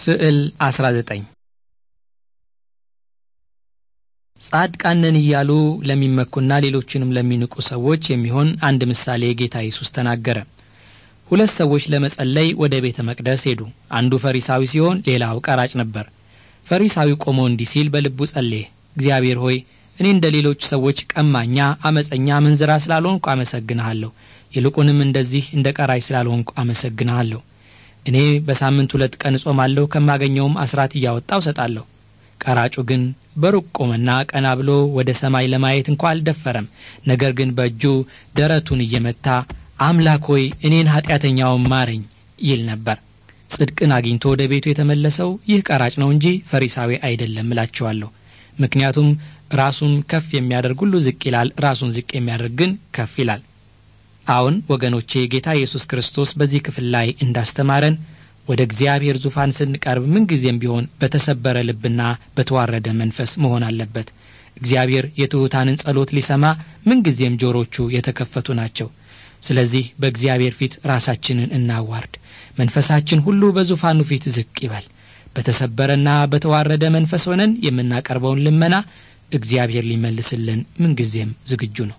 ስዕል 19 ጻድቃንን እያሉ ለሚመኩና ሌሎችንም ለሚንቁ ሰዎች የሚሆን አንድ ምሳሌ ጌታ ኢየሱስ ተናገረ። ሁለት ሰዎች ለመጸለይ ወደ ቤተ መቅደስ ሄዱ። አንዱ ፈሪሳዊ ሲሆን ሌላው ቀራጭ ነበር። ፈሪሳዊው ቆሞ እንዲህ ሲል በልቡ ጸለየ። እግዚአብሔር ሆይ እኔ እንደ ሌሎች ሰዎች ቀማኛ፣ አመፀኛ፣ ምንዝራ ስላልሆንኩ አመሰግንሃለሁ። ይልቁንም እንደዚህ እንደ ቀራጭ ስላልሆንኩ አመሰግንሃለሁ። እኔ በሳምንት ሁለት ቀን እጾማለሁ ከማገኘውም አስራት እያወጣው እሰጣለሁ። ቀራጩ ግን በሩቅ ቆመና ቀና ብሎ ወደ ሰማይ ለማየት እንኳ አልደፈረም። ነገር ግን በእጁ ደረቱን እየመታ አምላክ ሆይ እኔን ኀጢአተኛውን ማረኝ ይል ነበር። ጽድቅን አግኝቶ ወደ ቤቱ የተመለሰው ይህ ቀራጭ ነው እንጂ ፈሪሳዊ አይደለም እላችኋለሁ። ምክንያቱም ራሱን ከፍ የሚያደርግ ሁሉ ዝቅ ይላል፣ ራሱን ዝቅ የሚያደርግ ግን ከፍ ይላል። አሁን ወገኖቼ ጌታ ኢየሱስ ክርስቶስ በዚህ ክፍል ላይ እንዳስተማረን ወደ እግዚአብሔር ዙፋን ስንቀርብ ምንጊዜም ቢሆን በተሰበረ ልብና በተዋረደ መንፈስ መሆን አለበት። እግዚአብሔር የትሑታንን ጸሎት ሊሰማ ምንጊዜም ጆሮቹ የተከፈቱ ናቸው። ስለዚህ በእግዚአብሔር ፊት ራሳችንን እናዋርድ፣ መንፈሳችን ሁሉ በዙፋኑ ፊት ዝቅ ይበል። በተሰበረና በተዋረደ መንፈስ ሆነን የምናቀርበውን ልመና እግዚአብሔር ሊመልስልን ምንጊዜም ዝግጁ ነው።